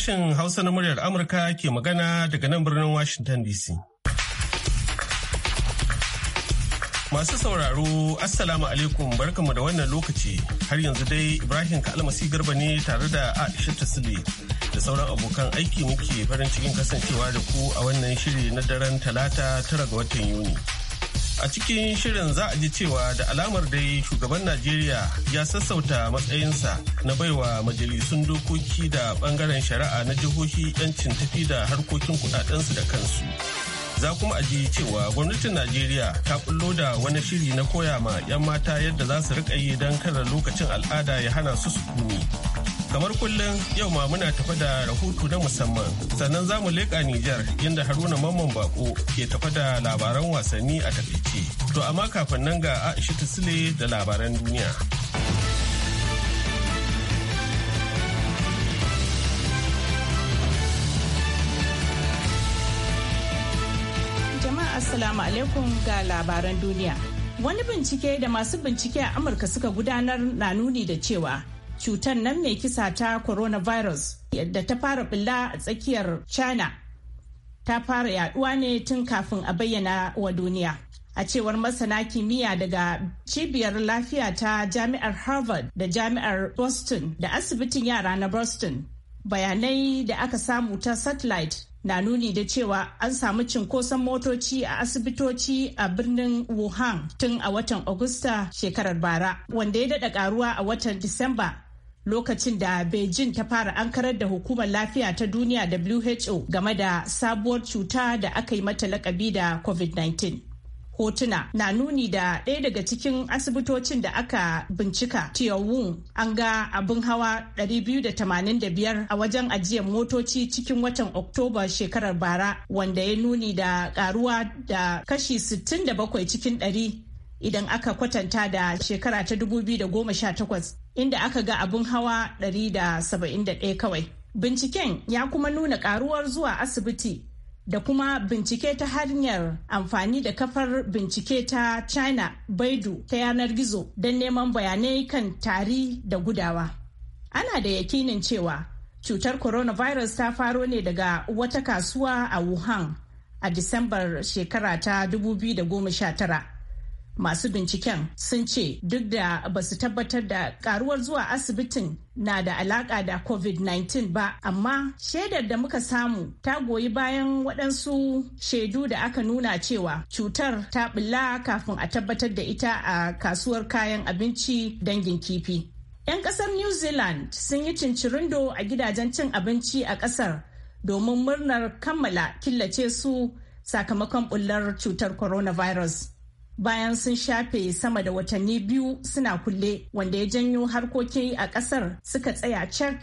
Sashen Hausa na muryar Amurka ke magana daga nan birnin Washington DC. Masu sauraro, Assalamu alaikum barkamu da wannan lokaci. Har yanzu dai Ibrahim Kalmasi Garba ne tare da Aisha sube da sauran abokan aiki muke farin cikin kasancewa da ku a wannan shiri na daren talata tara ga watan Yuni. a cikin shirin za a ji cewa da alamar dai shugaban najeriya ya sassauta matsayinsa na baiwa majalisun dokoki da bangaren shari'a na jihohi 'yancin tafi da harkokin kudadensu da kansu za kuma a ji cewa gwamnatin najeriya ta bullo da wani shiri na koya ma 'yan mata yadda za su riƙa yi don kada lokacin al'ada ya hana su sukuni Kamar kullum yau ma muna tafa da rahoto na musamman sannan za mu leƙa Nijar inda Haruna Mamman Bako ke tafa da labaran wasanni a takaice. To amma kafin nan ga Aisha Sule da labaran duniya. Jama'a Assalamu alaikum ga labaran duniya. Wani bincike da masu bincike a Amurka suka gudanar na nuni da cewa cutar nan mai kisa ta coronavirus yadda ta fara bulla a tsakiyar china ta fara yaduwa ne tun kafin a bayyana wa duniya a cewar masana kimiyya daga cibiyar lafiya ta jami'ar harvard da jami'ar boston da asibitin yara na boston bayanai da aka samu ta satellite na nuni da cewa an samu cinkoson motoci a asibitoci a birnin Wuhan tun a watan Agusta shekarar bara, wanda ya daɗa karuwa a watan Disamba lokacin da beijing ta fara ankarar da hukumar lafiya ta duniya who game da sabuwar cuta da aka yi mata lakabi da covid-19 hotuna na nuni da ɗaya daga cikin asibitocin da aka bincika tiyawun an ga abin hawa 285 a wajen ajiyar motoci cikin watan oktoba shekarar bara wanda ya nuni da karuwa da kashi 67 cikin ɗari. idan aka kwatanta da shekara ta 2018 inda aka ga abin hawa 171 kawai. Binciken ya kuma nuna karuwar zuwa asibiti da kuma bincike ta hanyar amfani da kafar bincike ta China Baidu ta yanar gizo don neman bayanai kan tari da gudawa. Ana da yakinin cewa cutar coronavirus ta faro ne daga wata kasuwa a Wuhan a Disambar shekara ta 2019. masu binciken sun ce duk da ba su tabbatar da karuwar zuwa asibitin na da alaka da covid-19 ba amma shaidar da muka samu ta goyi bayan waɗansu shaidu da aka nuna cewa cutar ta ɓilla kafin a tabbatar da ita a kasuwar kayan abinci dangin kifi 'yan ƙasar new zealand sun yi cincirindo a gidajen cin abinci a ƙasar domin murnar kammala killace su sakamakon ɓullar cutar coronavirus. bayan sun shafe sama da watanni biyu suna kulle wanda ya janyo harkokin a kasar suka tsaya cek.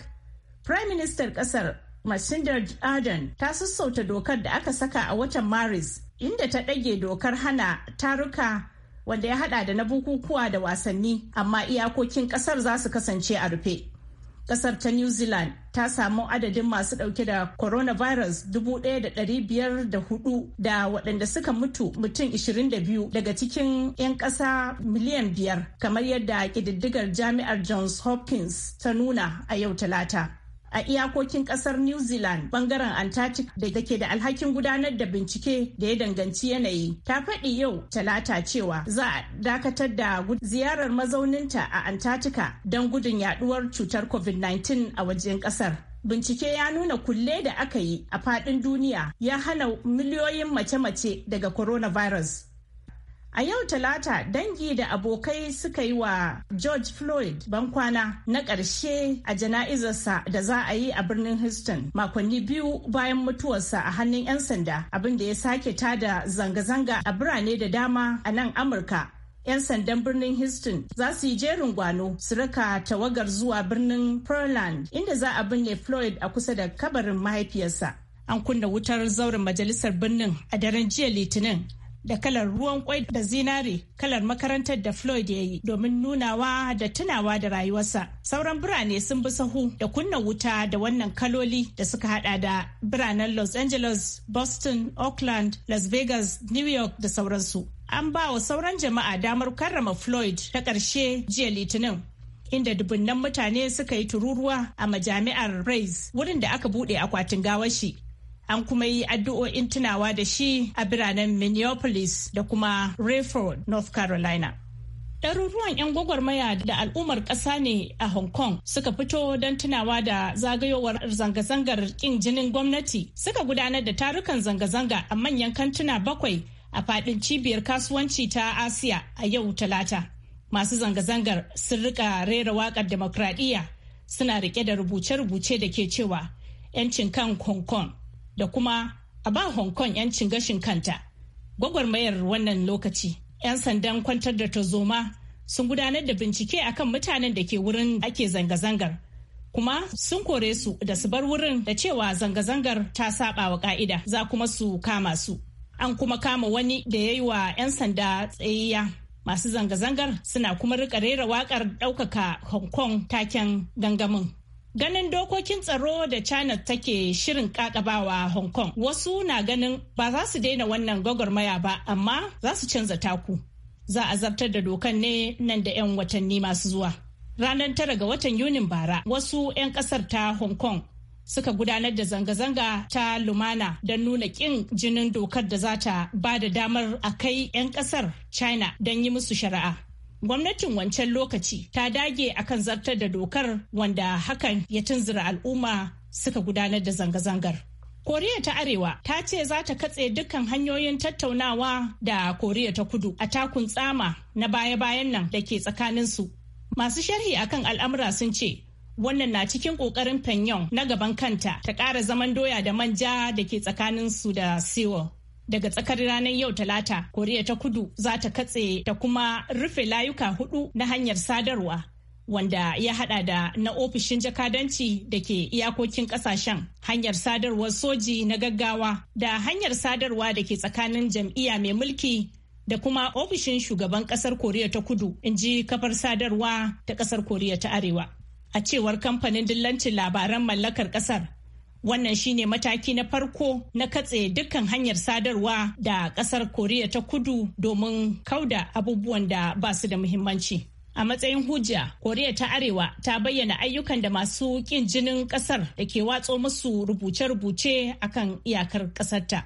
Prime Minister kasar Masindar Ardern ta sassauta dokar da aka saka a watan Maris inda ta ɗage dokar hana taruka wanda ya hada da na bukukuwa da wasanni amma iyakokin kasar za su kasance a rufe. Kasar ta New Zealand ta samu adadin masu dauke da coronavirus 1,504 da waɗanda suka mutu mutum 22 daga cikin 'yan ƙasa miliyan 5 kamar yadda ƙididdigar jami'ar Johns Hopkins ta nuna a yau talata. a iyakokin kasar New Zealand bangaren Antarctic da ke da alhakin gudanar da bincike da ya danganci yanayi. Ta faɗi yau talata cewa za a dakatar da ziyarar mazauninta a Antarctica don gudun yaduwar cutar COVID-19 a wajen kasar. Bincike ya nuna kulle da aka yi a faɗin duniya ya hana miliyoyin mace-mace daga coronavirus. A yau Talata dangi da abokai suka yi wa George Floyd bankwana na ƙarshe a jana'izarsa da za a yi a birnin Houston makonni biyu bayan mutuwarsa a hannun 'yan sanda abin da ya sake tada zanga-zanga a birane da dama a nan Amurka 'yan sandan birnin Houston za su yi jerin gwano su raka tawagar zuwa birnin Pearland inda za a binne Floyd a kusa da kabarin mahaifiyarsa. An kunna wutar zauren majalisar birnin a daren jiya Litinin da kalar ruwan kwai da zinare kalar makarantar da Floyd ya yi domin nunawa da tunawa da rayuwarsa. Sauran birane sun bi sahu da kunna wuta da wannan kaloli da suka hada da biranen Los Angeles, Boston, Oakland, Las Vegas, New York da sauransu. An ba wa sauran jama'a damar karrama Floyd ta ƙarshe jiya Litinin. inda dubunnan mutane suka yi tururuwa a majami'ar Reis wurin da aka buɗe akwatin gawashi. an kuma yi addu'o'in tunawa da shi a biranen minneapolis da kuma rayford north carolina ɗaruruwan 'yan gwagwarmaya da al'ummar ƙasa ne a hong kong suka fito don tunawa da zagayowar zanga-zangar ƙin jinin gwamnati suka gudanar da tarukan zanga-zanga a manyan kantuna bakwai a faɗin cibiyar kasuwanci ta asiya a yau talata masu zanga-zangar sun rika rera waƙar demokradiyya suna rike da rubuce-rubuce da ke cewa 'yancin kan hong kong da kuma a ba Hong Kong 'yancin gashin kanta. Gwagwarmayar wannan lokaci, 'yan sandan kwantar da tarzoma sun gudanar da bincike akan mutanen da ke wurin ake zanga-zangar. Kuma sun kore su da su bar wurin da cewa zanga-zangar ta saba wa ka'ida za kuma su kama su. An kuma kama wani da ya yi wa 'yan sanda tsayayya. Masu zanga-zangar suna kuma rika rera waƙar ɗaukaka Hong Kong taken gangamin. Ganin dokokin tsaro da China take shirin kakabawa Hong Kong, wasu na ganin ba za su daina wannan gwagwarmaya ba, amma za su canza taku. Za a zartar da dokan ne nan da 'yan watanni masu zuwa. Ranar tara ga watan Yunin bara, wasu 'yan kasar ta Hong Kong suka gudanar da zanga-zanga ta lumana don nuna kin jinin dokar da za ta ba da damar a kai 'yan kasar China don yi musu shari'a. gwamnatin wancan lokaci ta dage akan zartar da dokar wanda hakan ya tunzura al'umma suka gudanar da zanga-zangar koriya ta arewa ta ce za ta katse dukkan hanyoyin tattaunawa da koriya ta kudu a takun tsama na baya-bayan nan da ke tsakaninsu masu sharhi akan al'amura sun ce wannan na cikin ƙoƙarin Pyongyang na gaban kanta ta ƙara zaman doya da manja da ke tsakaninsu da Seoul. daga tsakar ranar yau talata koriya ta kudu za ta katse ta kuma rufe layuka hudu na hanyar sadarwa wanda ya hada da na ofishin jakadanci da ke iyakokin kasashen hanyar sadarwar soji na gaggawa da hanyar sadarwa da ke tsakanin jam'iyya mai mulki da kuma ofishin shugaban kasar koriya ta kudu in ji kafar sadarwa ta kasar koriya ta arewa a cewar kamfanin dillancin labaran mallakar kasar Wannan shine mataki na farko na katse dukkan hanyar sadarwa da kasar Koriya ta kudu domin kauda abubuwan da ba su da muhimmanci. A matsayin hujja, Koriya ta Arewa ta bayyana ayyukan da masu kin jinin kasar da ke watso musu rubuce-rubuce akan iyakar ƙasarta.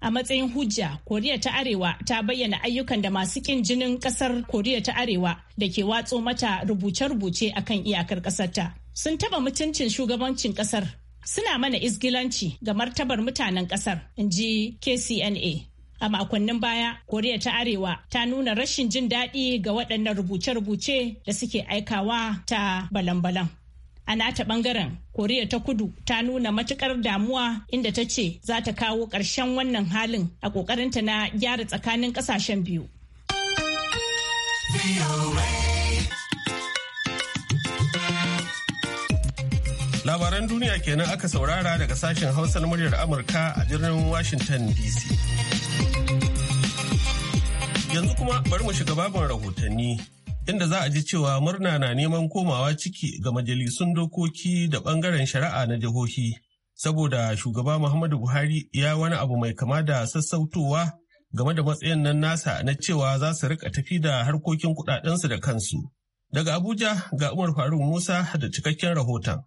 A matsayin hujja, Koriya ta Arewa ta bayyana ayyukan da masu kin jinin ƙasar Koriya ta Arewa da ke watso mata rubuce-rubuce akan iyakar kasarta. Sun taɓa mutuncin shugabancin ƙasar. suna mana izgilanci ga martabar mutanen kasar in ji kcna a makonnin baya koriya ta arewa ta nuna rashin jin daɗi ga waɗannan rubuce-rubuce da suke aikawa ta balan-balan a nata ɓangaren koriya ta kudu ta nuna matuƙar damuwa inda ta ce za ta kawo ƙarshen wannan halin a ƙoƙarinta na gyara tsakanin ƙasashen biyu. Labaran duniya kenan aka saurara daga sashen Hausa na muryar Amurka a birnin Washington DC. Yanzu kuma bari mu shiga babin rahotanni. Inda za a ji cewa murna na neman komawa ciki ga majalisun dokoki da bangaren shari'a na jihohi, saboda shugaba Muhammadu Buhari ya wani abu mai kama da sassautowa game da matsayin nan nasa na cewa za su rika tafi da harkokin kudadensu da kansu. Daga Abuja ga Umar Faruk Musa da cikakken rahoton.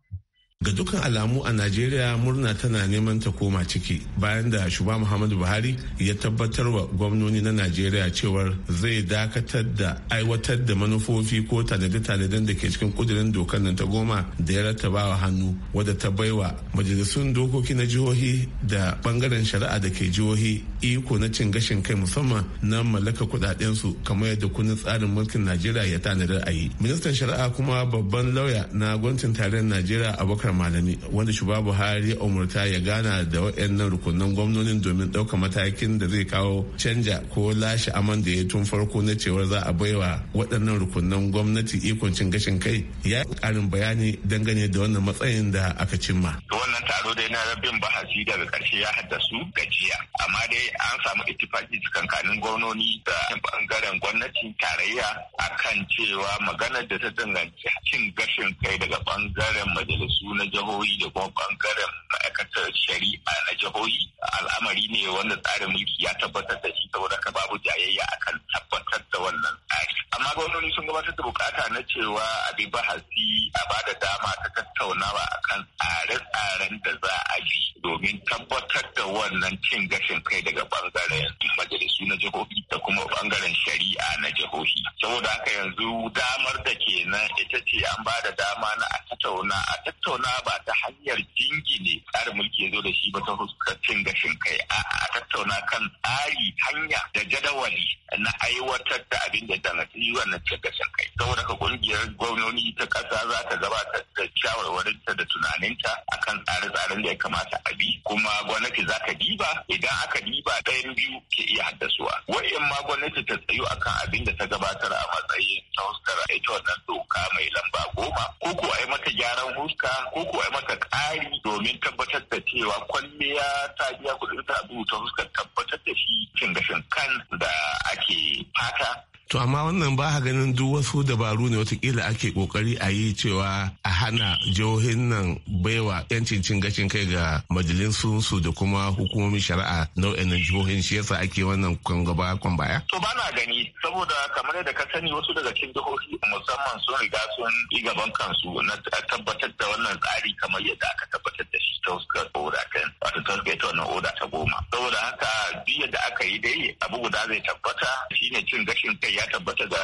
ga dukkan alamu a najeriya murna tana neman ta koma ciki bayan da shugaba muhammadu buhari ya tabbatar wa gwamnoni na najeriya cewar zai dakatar da aiwatar da manufofi ko tanade-tanaden da ke cikin kudirin dokar nan ta goma da ya rattabawa wa hannu wadda ta baiwa majalisun dokoki na jihohi da bangaren shari'a da ke jihohi iko na cin gashin kai musamman na mallaka kudaden su, kamar yadda kundin tsarin mulkin najeriya ya tanadar a yi ministan shari'a kuma babban lauya na gwamnatin tarayyar najeriya abokan abubakar malami wanda shugaba buhari umurta ya gana da waɗannan rukunan gwamnonin domin ɗauka matakin da zai kawo canja ko lashe aman da ya tun farko na cewar za a baiwa waɗannan rukunan gwamnati ikon cin gashin kai ya ƙarin bayani dangane da wannan matsayin da aka cimma. wannan taro dai na rabin bahasi daga ƙarshe ya haddasu gajiya amma dai an samu ittifaki tsakankanin gwamnoni da bangaren gwamnati tarayya akan cewa maganar da ta danganci cin gashin kai daga bangaren majalisu na jihohi da kuma bangaren ma'aikatar shari'a na jihohi al'amari ne wanda tsarin mulki ya tabbatar da shi saboda ka babu jayayya akan tabbatar da wannan tsari amma gwamnoni sun gabatar da bukata na cewa a bi bahasi a ba da dama ta tattaunawa akan tsare-tsaren da za a bi domin tabbatar da wannan cin gashin kai daga bangaren majalisu na jihohi da kuma bangaren shari'a na jihohi saboda haka yanzu damar da ke nan ita ce an ba da dama na a tattauna a tattauna ba ta hanyar jingine tsarin mulki ya zo da shi ba ta fuskar cin gashin kai a tattauna kan tsari hanya da jadawali na aiwatar da abin da yi wannan cin gashin kai saboda ka kungiyar gwamnoni ta kasa za ta gabatar da shawarwarinta da tunaninta a kan tsare-tsaren da ya kamata a bi kuma gwamnati za ka diba idan aka diba ɗayan biyu ke iya haddasuwa in ma gwamnati ta tsayu akan abin da ta gabatar a matsayin ta huskar ita wannan doka mai lamba goma ko ko ai mata gyaran huska ko ko ai mata ƙari domin tabbatar da cewa kwalliya ta biya kuɗin abu ta huskar tabbatar da shi cin gashin kan da ake fata To amma wannan ba ha ganin duk wasu dabaru ne watakila ake kokari a yi cewa a hana jihohin nan baiwa yancin cin gashin kai ga majalisun su da kuma hukumomin shari'a nau'in jihohin shi yasa ake wannan kan gaba kan baya. To ba na gani saboda kamar yadda ka sani wasu daga cikin jihohi musamman sun riga sun yi gaban kansu na tabbatar da wannan tsari kamar yadda aka tabbatar da shi ta wasu oda kan wato ta wannan oda ta goma. Saboda haka biyar da aka yi dai abu guda zai tabbata shine cin gashin kai ya tabbata ga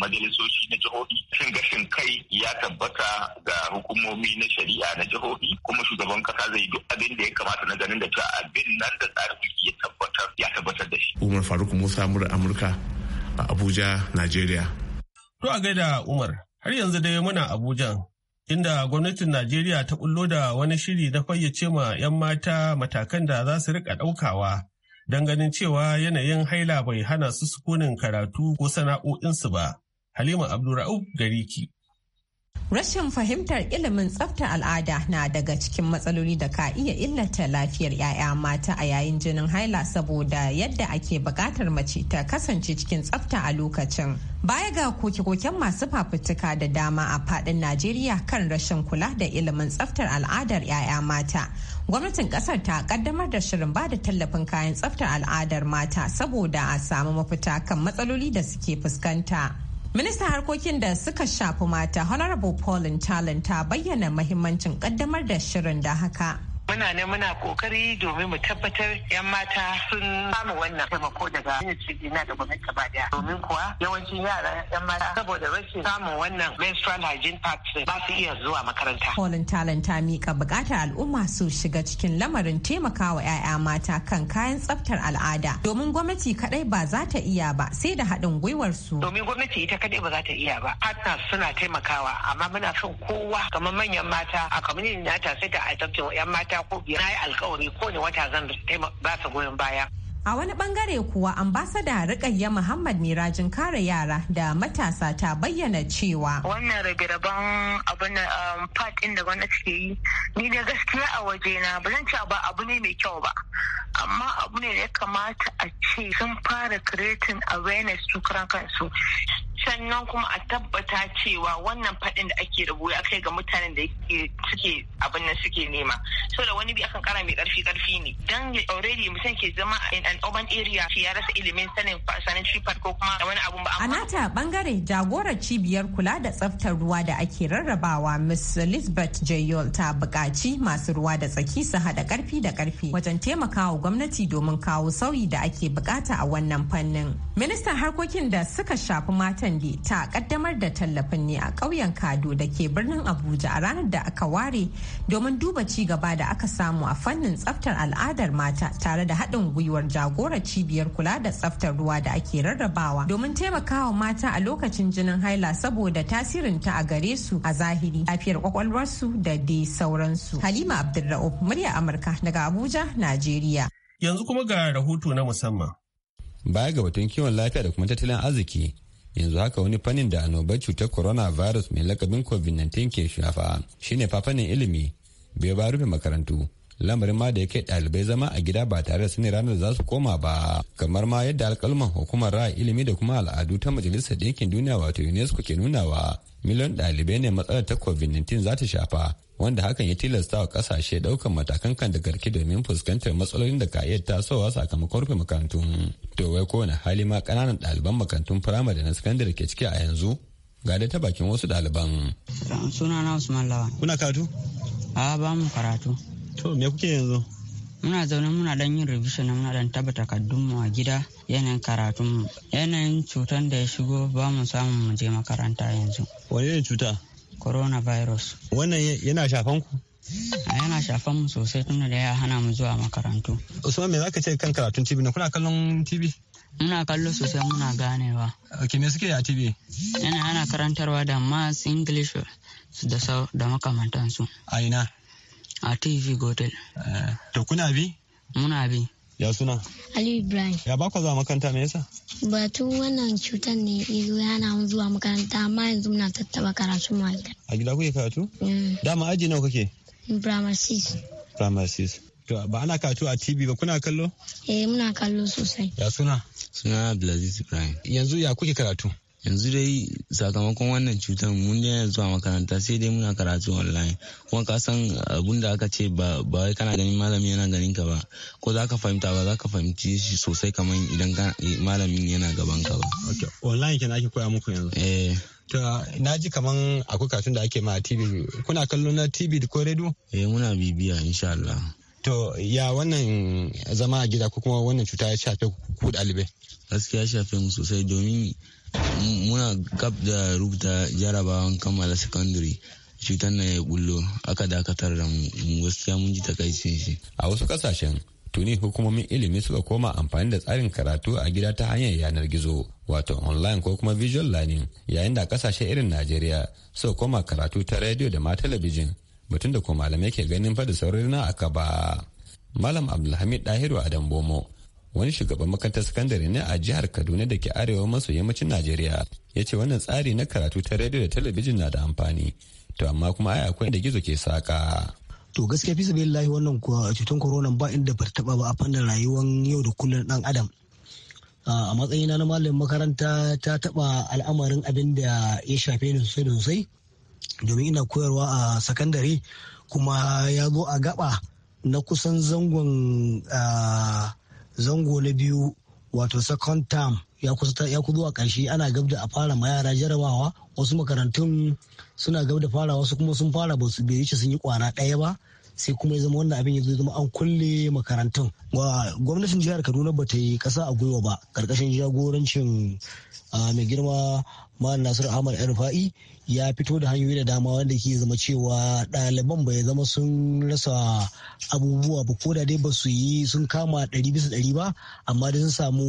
majalisoci na jihohi shin gashin kai ya tabbata ga hukumomi na shari'a na jihohi kuma shugaban kasa zai duk abin da ya kamata na ganin da ta abin nan da tsarin ya tabbatar ya tabbatar da shi umar faruk musa mura amurka a abuja nigeria to a gaida umar har yanzu dai muna abuja inda gwamnatin Najeriya ta bullo da wani shiri na fayyace ma 'yan mata matakan da za su rika ɗaukawa don ganin cewa yanayin haila bai hana su sukunin karatu ko sana'o'insu ba. Halima Abdulra'u Gariki Rashin fahimtar ilimin tsaftar al'ada na daga cikin matsaloli da ka iya illata lafiyar 'ya'ya mata a yayin jinin haila saboda yadda ake bukatar mace ta kasance cikin tsafta a lokacin. Baya ga koke-koken masu fafutuka da dama a fadin Najeriya kan rashin kula da ilimin tsaftar al'adar 'ya'ya mata. Gwamnatin kasar ta kaddamar da shirin ba da tallafin kayan tsaftar al'adar mata saboda a samu mafita kan matsaloli da suke fuskanta. Ministan harkokin da suka shafi mata Honorable Pauline Talent ta bayyana mahimmancin kaddamar da shirin da haka. muna ne muna kokari domin mu tabbatar yan mata sun samu wannan taimako daga ministry na da gwamnati gaba daya domin kuwa yawancin yara yan mata saboda rashin samun wannan menstrual hygiene part ba su iya zuwa makaranta. Colin Talent ta mika bukatar al'umma su shiga cikin lamarin taimakawa 'ya'ya mata kan kayan tsaftar al'ada domin gwamnati kadai ba za ta iya ba sai da haɗin gwiwar su. Domin gwamnati ita kadai ba za ta iya ba. Partners suna taimakawa amma muna son kowa kamar manyan mata a community nata sai ta adoptin 'yan mata biyar na yi alkawari kowane wata zan ba su goyon baya. A wani bangare kuwa ambasada Rikayya Muhammad ne rajin kare yara da matasa ta bayyana cewa. Wannan rabe-raben abin fat um, ɗin da gwamnati ke yi, ni da gaskiya a waje na ba zan ce ba abu ne mai kyau ba. Amma abu ne da ya kamata a ce sun fara creating awareness su karan kansu. sannan kuma a tabbata cewa wannan faɗin da ake da ya kai ga mutanen da suke abin nan suke nema da wani bi akan kara mai karfi karfi ne dan already mutum ke zama in an urban area ya rasa ilimin sanin sanin shifar ko kuma wani abu ba amma anata bangare jagorar cibiyar kula da tsaftar ruwa da ake rarrabawa miss lisbeth jayol ta buƙaci masu ruwa da tsaki su haɗa karfi da karfi wajen taimakawa gwamnati domin kawo sauyi da ake buƙata a wannan fannin ministan harkokin da suka shafi matan Mande ta kaddamar da tallafin ne a ƙauyen Kado da ke birnin Abuja a ranar da aka ware domin duba ci gaba da aka samu a fannin tsaftar al'adar mata tare da haɗin gwiwar jagora cibiyar kula da tsaftar ruwa da ake rarrabawa domin taimakawa mata a lokacin jinin haila saboda tasirinta a gare su a zahiri lafiyar kwakwalwarsu da dai sauransu. Halima Abdulra'uf murya Amurka daga Abuja, Najeriya. Yanzu kuma ga rahoto na musamman. Baya ga batun kiwon lafiya da kuma tattalin arziki, yanzu haka wani fannin da annobar cutar corona virus mai lakabin covid-19 ke shafa shine fa fannin ilimi bai ba rufe makarantu lamarin ma da ya kai ɗalibai zama a gida ba tare da sani ranar da za su koma ba kamar ma yadda alkalman hukumar ra'ayi ilimi da kuma al'adu ta majalisar Dinkin duniya wato unesco ke nunawa miliyan ɗalibai ne matsalar ta covid-19 za ta shafa wanda hakan ya tilasta wa kasashe daukan matakan kan da garki domin fuskantar matsalolin da ka iya tasowa sakamakon rufe makarantun to wai kowane hali ma kananan ɗaliban makarantun firamare da na sakandare ke ciki a yanzu ga da ta bakin wasu ɗaliban. sunana usman lawa kuna karatu a ba mu karatu to me kuke yanzu muna zaune muna dan yin revision muna dan taba takardunmu a gida yanayin karatunmu yanayin cutan da ya shigo ba mu samun mu je makaranta yanzu wani ne cuta coronavirus wannan yana shafan ku a yana shafan mu sosai tunda da ya hana mu zuwa makarantu usman me zaka ce kan karatun tv na kuna kallon tv muna kallo sosai muna ganewa ok me suke a tv yana ana karantarwa da mass english da makamantansu a ina A TV Godel. Eh, to kuna bi? Muna bi. Ya suna? Ali Ibrahim. Ya ba zuwa makaranta me yasa? Batu wannan cutar ne izo yana mu zuwa makaranta amma yanzu muna tattaba karatu mu a gida. A gida kuke karatu? Mm. Dama aji nawa kake? Primary 6. To ba ana karatu a TV ba kuna kallo? Eh muna kallo sosai. Ya suna? Suna Abdulaziz Ibrahim. Yanzu ya kuke karatu? yanzu dai sakamakon wannan cutar mun daina zuwa makaranta sai dai muna karatu online kuma ka san abun da aka ce ba wai kana ganin malami yana ganin ka ba ko za ka fahimta ba za ka fahimci shi sosai kamar idan malamin yana gaban ka ba online kenan ake koya muku yanzu eh. to na ji kaman akwai katun da ake ma a TV kuna kallo na TV ko radio eh muna bibiya insha Allah To ya wannan zama a gida ko kuma wannan cuta ya shafe ku ɗalibai? Gaskiya ya shafe mu sosai domin muna gab da rubuta jarabawan kammala sakandare cutar na ya bullo aka dakatar da mu gaskiya mun ji takaicin shi a wasu kasashen tuni hukumomin ilimi suka koma amfani da tsarin karatu a gida ta hanyar yanar gizo wato online ko kuma visual learning yayin da kasashe irin najeriya suka koma karatu ta rediyo da ma talabijin mutum da ko malamai ke ganin fa da saurari na aka ba malam abdulhamid dahiru adam bomo wani shugaban makarantar sakandare ne a jihar kaduna da ke arewa maso yammacin najeriya ya ce wannan tsari na karatu ta rediyo da talabijin na da amfani to amma kuma ai akwai da gizo ke saka to gaskiya fi lahi wannan cutar corona ba inda ba taba ba a fannin rayuwar yau da kullum dan adam a matsayina na malamin makaranta ta taba al'amarin abin da ya shafe ni sosai da sosai domin ina koyarwa a sakandare kuma ya zo a gaba na kusan zangon zango na biyu wato second term ya kusa ya zuwa ƙarshe ana gab da a fara ma yara jarabawa wasu makarantun suna gab da fara wasu kuma sun fara ba su bai sun yi kwana ɗaya ba sai kuma ya zama wannan abin ya zo zama an kulle makarantun gwamnatin jihar kaduna ba ta yi kasa a gwiwa ba karkashin jagorancin mai girma mahan nasiru ahmad rufa'i ya fito da hanyoyi da dama wanda ke zama cewa ɗaliban bai zama sun rasa abubuwa ba ko da dai ba su yi sun kama ɗari bisa ɗari ba amma dai sun samu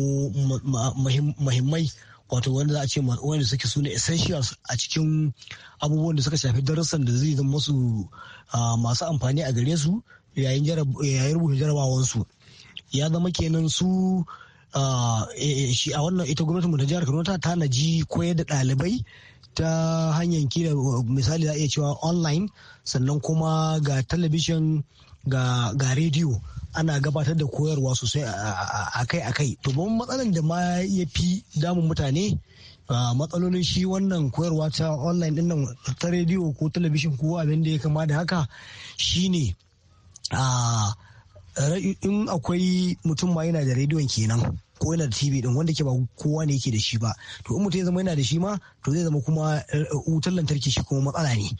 mahimmai wato wanda za a ce wanda suke sune essentials a cikin abubuwan da suka shafi darussan da zai zama masu masu amfani a gare su yayin rubuta jarabawansu ya zama kenan su a e, e, wannan ita gwamnatin ta jihar Kaduna ta tanaji koyar da ɗalibai ta hanyar kila misali za a iya cewa online sannan kuma ga talabijin. ga, rediyo ana gabatar da koyarwa sosai akai-akai. To ban matsalan da ma ya fi damun mutane matsalolin shi wannan koyarwa ta online din nan ta rediyo ko talabishin ko abin da ya kama da haka shine in akwai mutum ma yana da rediyon kenan ko yana da tv din wanda ke ba kowa ne yake da shi ba to in mutum ya zama yana da shi ma to zai zama kuma eh, wutar lantarki shi kuma matsala ne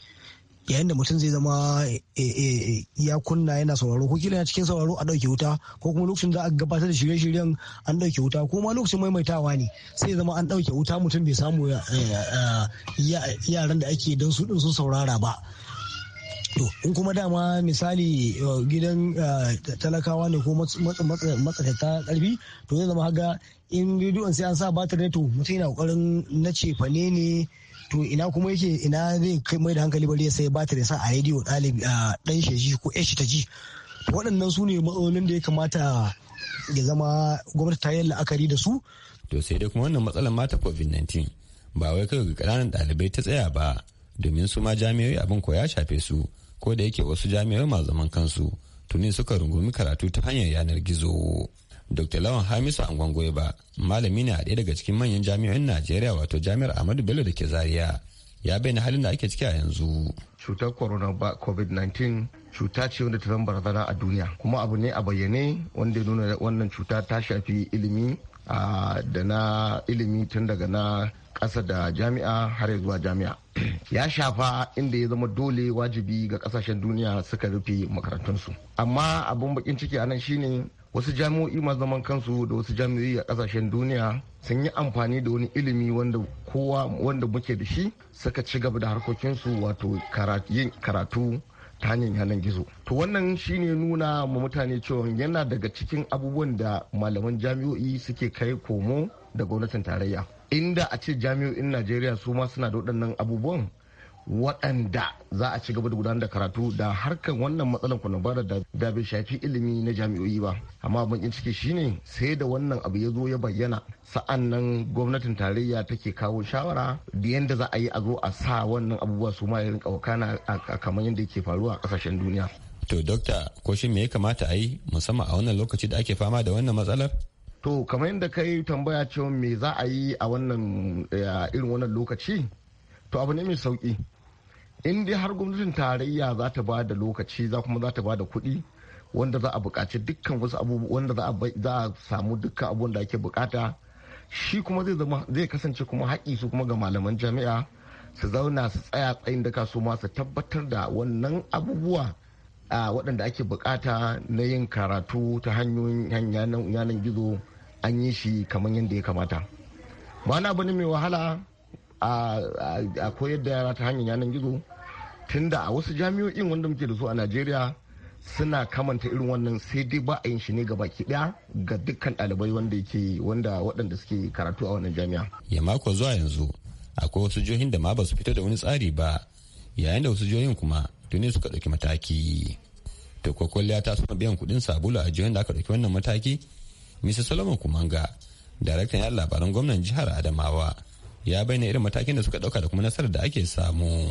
yayin da mutum zai zama eh, eh, ya kunna yana sauraro ko kila yana cikin sauraro a ɗauke wuta ko kuma lokacin za a gabatar da shirye-shiryen an ɗauke wuta ko ma lokacin maimaitawa ne sai zama an ɗauke wuta mutum bai samu eh, yaran da ake don su ɗin sun saurara ba to in kuma dama misali gidan talakawa ne ko matsakaita karfi to zai zama haga in rediyon sai an sa batir ne to mutum yana kokarin na cefane ne to ina kuma yake ina zai kai mai da hankali bari ya sai da sa a rediyo ɗalibi a ɗan shi ko ƴan shi ta ji waɗannan su ne matsalolin da ya kamata ya zama gwamnati ta yi la'akari da su to sai dai kuma wannan matsalar mata covid-19 ba wai kaga ga ƙananan ɗalibai ta tsaya ba domin su ma jami'oi abin ko ya shafe su ko da yake wasu jami'oi ma zaman kansu tuni suka rungumi karatu ta hanyar yanar gizo Dr. Lawan Hamisu Angwangoye ba malami ne a ɗaya daga cikin manyan jami'o'in Najeriya wato jami'ar Ahmadu Bello da ke Zaria ya bayyana halin da ake ciki a yanzu. Cutar corona COVID-19 cuta ce wanda ta zama barazana a duniya kuma abu ne a bayyane wanda ya nuna wannan cuta ta shafi ilimi ah, da na ilimi tun daga na ƙasa da jami'a har zuwa jami'a ya shafa inda ya zama dole wajibi ga ƙasashen duniya suka rufe makarantunsu amma abin bakin ciki anan shine wasu jami'o'i masu zaman kansu da wasu jami'o'i a ƙasashen duniya sun yi amfani da wani ilimi wanda kowa wanda muke da shi suka ci gaba da harkokinsu wato yin karatu ta hanyar yanar gizo to wannan shine nuna ma mutane cewa yana daga cikin abubuwan da malaman jami'o'i suke kai komo da gwamnatin tarayya inda a ce jami'o'in najeriya su ma suna da waɗannan abubuwan waɗanda za a ci gaba da gudanar da karatu da harkar wannan matsalar kwanabara da bai shafi ilimi na jami'o'i ba amma bakin ciki shine sai da wannan abu ya zo ya bayyana sa'an nan gwamnatin tarayya take kawo shawara da yadda za a yi a zo a sa wannan abubuwa su ma ya rinka a kamar yadda yake faruwa a kasashen duniya to dokta ko shin me ya kamata a yi musamman a wannan lokaci da ake fama da wannan matsalar to kamar yadda ka tambaya cewa me za a yi a wannan eh, irin wannan lokaci to abu ne mai sauki in dai har gwamnatin tarayya za ta ba da lokaci za kuma za ta ba da kuɗi wanda za a buƙaci dukkan wasu abubuwa wanda za a samu dukkan abubuwan da ake bukata shi kuma zai zama zai kasance kuma haƙi su kuma ga malaman jami'a su zauna su tsaya tsayin da su ma su tabbatar da wannan abubuwa a waɗanda ake buƙata na yin karatu ta hanyoyin yanar gizo an yi shi kamar yadda ya kamata ba na bane mai wahala a koyar da yara ta hanyar yanar gizo tunda a wasu jami'o'in wanda muke da su a najeriya suna kamanta irin wannan sai dai ba a yin shi ne ga baki daya ga dukkan ɗalibai wanda yake wanda waɗanda suke karatu a wannan jami'a ya mako zuwa yanzu akwai wasu jihohin da ma ba su fitar da wani tsari ba yayin da wasu jihohin kuma tuni suka ɗauki mataki to ko ta suma biyan kuɗin sabulu a jihohin da aka ɗauki wannan mataki mr solomon kumanga daraktan yan labaran gwamnan jihar adamawa ya bayyana irin matakin da suka dauka da kuma nasarar da ake samu.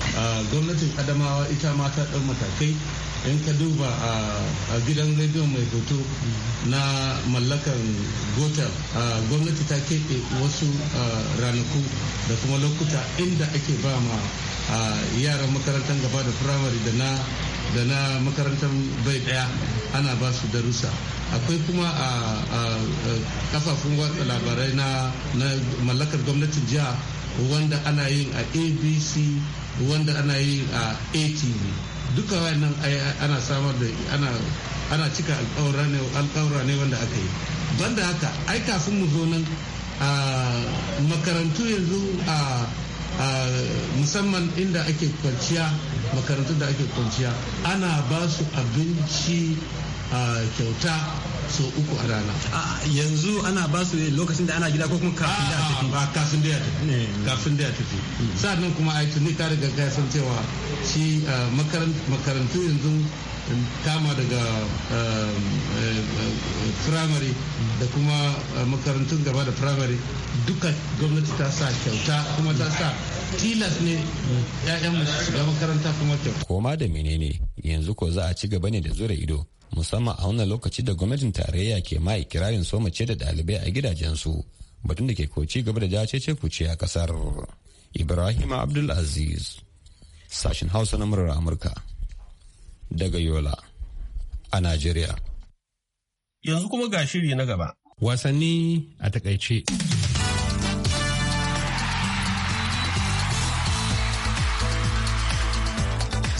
gwamnatin adamawa ita ma ta ɗan matakai in ka duba a gidan rediyo mai hoto na mallakan gotel gwamnati ta keɓe wasu ranaku da kuma lokuta inda ake ba ma yaran makarantar gaba da firamare da na makarantar bai ɗaya ana ba su darussa akwai kuma a kafafun watsa labarai na mallakar gwamnatin jiha wanda ana yin a abc wanda ana yin a atv duka wannan ana samar da ana cika alkawura ne wanda aka yi banda haka ai kafin mu zo nan a makarantu yanzu a musamman inda ake kwanciya makarantu da ake kwanciya ana ba su abinci kyauta so uku a rana yanzu ana ba su lokacin da ana gida ko kuma kafin da tafi ba kafin da ya tafi kafin da ya tafi mm. sa'annan kuma ai tuni ka riga ka san cewa shi makarantu yanzu um, kama daga firamare um, eh, eh, da kuma makarantun gaba da firamare duka gwamnati ta sa kyauta kuma ta sa tilas ne 'ya'yan mm. shiga makaranta kuma kyauta koma da menene yanzu ko za a ci gaba ne da zura ido musamman a wannan lokaci da gwamnatin tarayya ke ma ikirarin soma ce da ɗalibai a gidajensu batun da ke koci gaba da jace kuce a kasar ibrahim abdul aziz sashen hausa na murar amurka daga yola a najeriya yanzu kuma ga shiri na gaba wasanni a takaice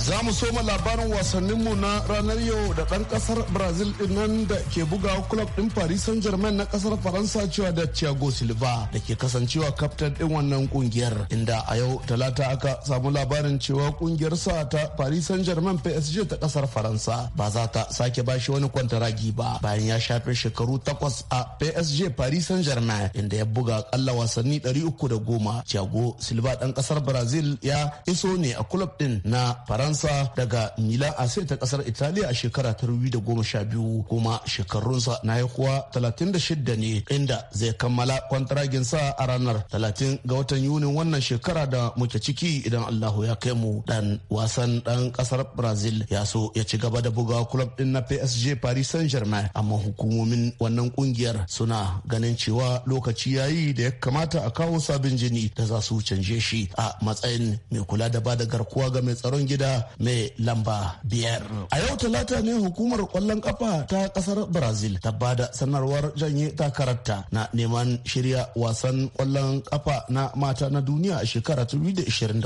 Za mu soma labarin wasanninmu na ranar yau da ɗan kasar Brazil ɗin da ke buga club ɗin Paris Saint-Germain na ƙasar Faransa cewa da Thiago Silva da ke kasancewa kaftan ɗin wannan ƙungiyar. Inda a yau talata aka samu labarin cewa sa ta Paris Saint-Germain PSG ta ƙasar Faransa ba za ta sake ba shi wani kwantaragi ba bayan ya shafe shekaru takwas a PSG Paris Saint-Germain inda ya buga ƙalla wasanni uku da goma Thiago Silva ɗan ƙasar Brazil ya iso ne a club ɗin na Faransa. bayansa daga a sai ta kasar Italiya a shekara ta biyu kuma shekarunsa na haihuwa 36 ne inda zai kammala kwantaragin sa a ranar talatin ga watan Yunin wannan shekara da muke ciki idan Allahu ya kai mu dan wasan dan kasar Brazil ya so ya ci gaba da buga club din na PSG Paris Saint-Germain amma hukumomin wannan kungiyar suna ganin cewa lokaci yayi da ya kamata a kawo sabin jini da za su canje shi a matsayin mai kula da ba da garkuwa ga mai tsaron gida mai lamba biyar. A yau talata ne hukumar kwallon kafa ta kasar Brazil ta bada sanarwar janye takararta na neman shirya wasan kwallon kafa na mata na duniya a shekara 2023.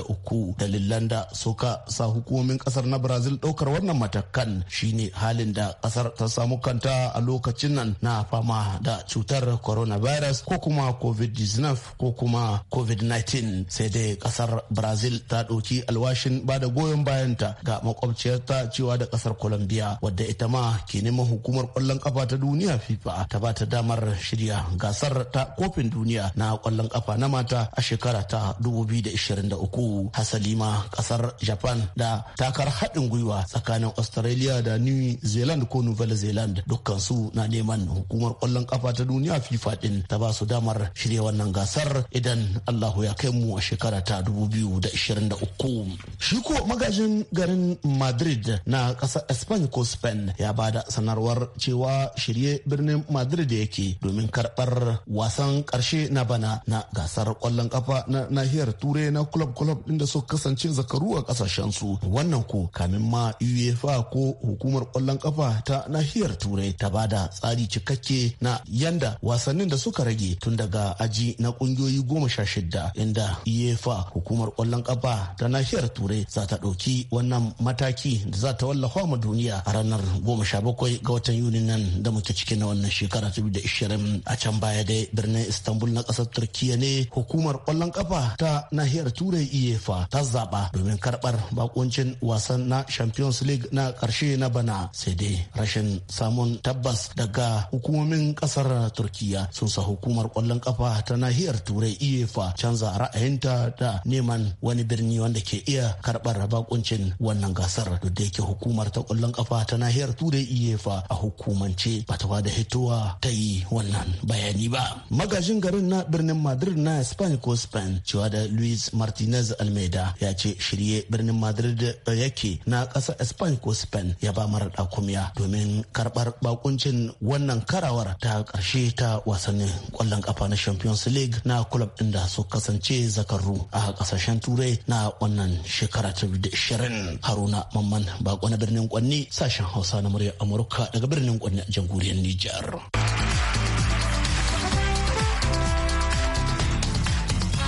Dalilan da suka sa hukumomin kasar na Brazil ɗaukar wannan matakan shine halin da kasar ta samu kanta a lokacin nan na fama da cutar coronavirus ko kuma covid-19 ko kuma covid-19 sai dai kasar Brazil ta ɗauki alwashin bada goyon bayan kayanta ga makwabciyarta cewa da kasar Colombia wadda ita ma ke neman hukumar kwallon kafa ta duniya FIFA ta ba ta damar shirya gasar ta kofin duniya na kwallon kafa na mata a shekara ta 2023 hasalima kasar Japan da takar haɗin gwiwa tsakanin Australia da New Zealand ko Nouvelle Zealand su na neman hukumar kwallon kafa ta duniya FIFA din ta ba su damar shirya wannan gasar idan Allahu ya kai mu a shekara ta 2023 shi ko magajin garin Madrid na ƙasar Spain ko Spain ya ba da sanarwar cewa shirye birnin Madrid yake domin karɓar wasan ƙarshe na bana na gasar ƙwallon ƙafa na nahiyar Turai na kulob kulob inda da kasance zakaru a ƙasashensu. Wannan ko kamin ma UEFA ko hukumar ƙwallon ƙafa ta nahiyar Turai ta bada tsari cikakke na yanda wasannin da suka rage tun daga aji na ƙungiyoyi goma sha shida inda UEFA hukumar ƙwallon ƙafa ta nahiyar Turai za ta ɗauki wannan mataki da za ta wallafa ma duniya a ranar goma sha bakwai ga watan yuni nan da muke ciki na wannan shekara 2020 a can baya dai birnin istanbul na ƙasar turkiya ne hukumar kwallon kafa ta nahiyar turai iyefa ta zaba domin karɓar bakuncin wasan na champions league na karshe na bana sai dai rashin samun tabbas daga hukumomin ƙasar turkiya sun sa hukumar kwallon kafa ta nahiyar turai iyefa canza ra'ayinta da neman wani birni wanda ke iya karɓar bakuncin cin wannan gasar duk da yake hukumar ta kwallon kafa ta nahiyar turai iyefa a hukumance ba ta da hitowa ta yi wannan bayani ba magajin garin na birnin madrid na spain ko spain cewa da luis martinez almeida ya ce shirye birnin madrid yake na ƙasar spain ko spain ya ba mara ɗakumiya domin karɓar bakuncin wannan karawar ta ƙarshe ta wasannin kwallon kafa na champions league na club da su kasance zakaru a ƙasashen turai na wannan shekara ta Kamarin. Haruna Mamman Bako na birnin Kwanni sashen Hausa na muryar Amurka daga birnin Kwanni a jamhuriyar Nijar.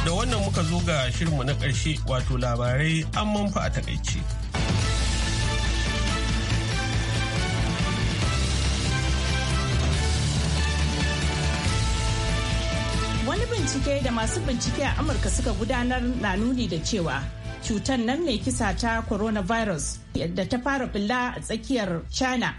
Da wannan muka zo ga shirinmu na ƙarshe wato labarai an manfa a takaice. Wani bincike da masu bincike a Amurka suka gudanar na nuni da cewa cutar nan mai kisa ta coronavirus da ta fara billa a tsakiyar china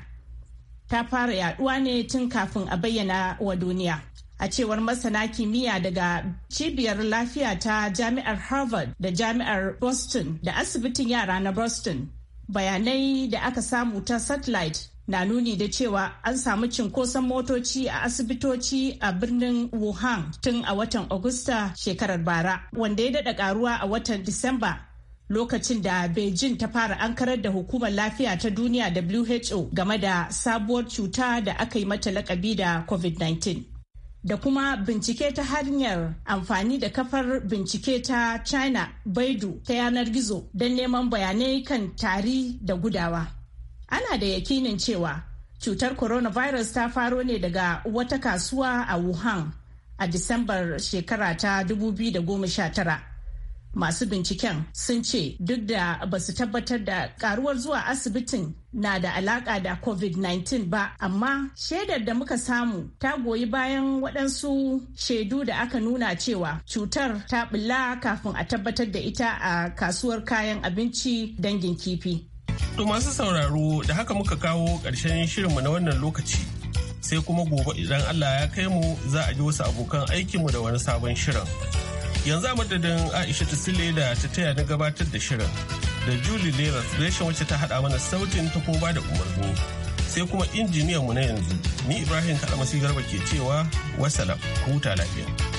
ta fara yaduwa ne tun kafin a bayyana wa duniya a cewar masana kimiyya daga cibiyar lafiya ta jami'ar harvard da jami'ar boston da asibitin yara na boston bayanai da aka samu ta satellite na nuni da cewa an samu cinkoson motoci a asibitoci a birnin wuhan tun a watan agusta shekarar bara wanda ya daɗa karuwa a watan disamba lokacin da beijing ta fara ankarar da hukumar lafiya ta duniya who game da sabuwar cuta da aka yi mata lakabi da covid-19 da kuma bincike ta hanyar amfani da kafar bincike ta china baidu ta yanar gizo don neman bayanai kan tari da gudawa ana da yakinin cewa cutar coronavirus ta faro ne daga wata kasuwa a wuhan a disambar shekara ta 2019 masu binciken sun ce duk da ba su tabbatar da karuwar zuwa asibitin na da alaka da covid-19 ba amma shaidar da muka samu ta goyi bayan waɗansu shaidu da aka nuna cewa cutar ta ɓulla kafin a tabbatar da ita a kasuwar kayan abinci dangin kifi to masu sauraro da haka muka kawo ƙarshen shirinmu na wannan lokaci sai kuma gobe idan allah ya kai mu za a ji wasu abokan aikinmu da wani sabon shirin yanzu a madadin aisha sile da ta taya na gabatar da shirin da julie leras reshen wacce ta haɗa mana sautin ta koba da umarni sai kuma injiniyan mu na yanzu ni ibrahim kalamasi garba ke cewa wasalam huta lafiya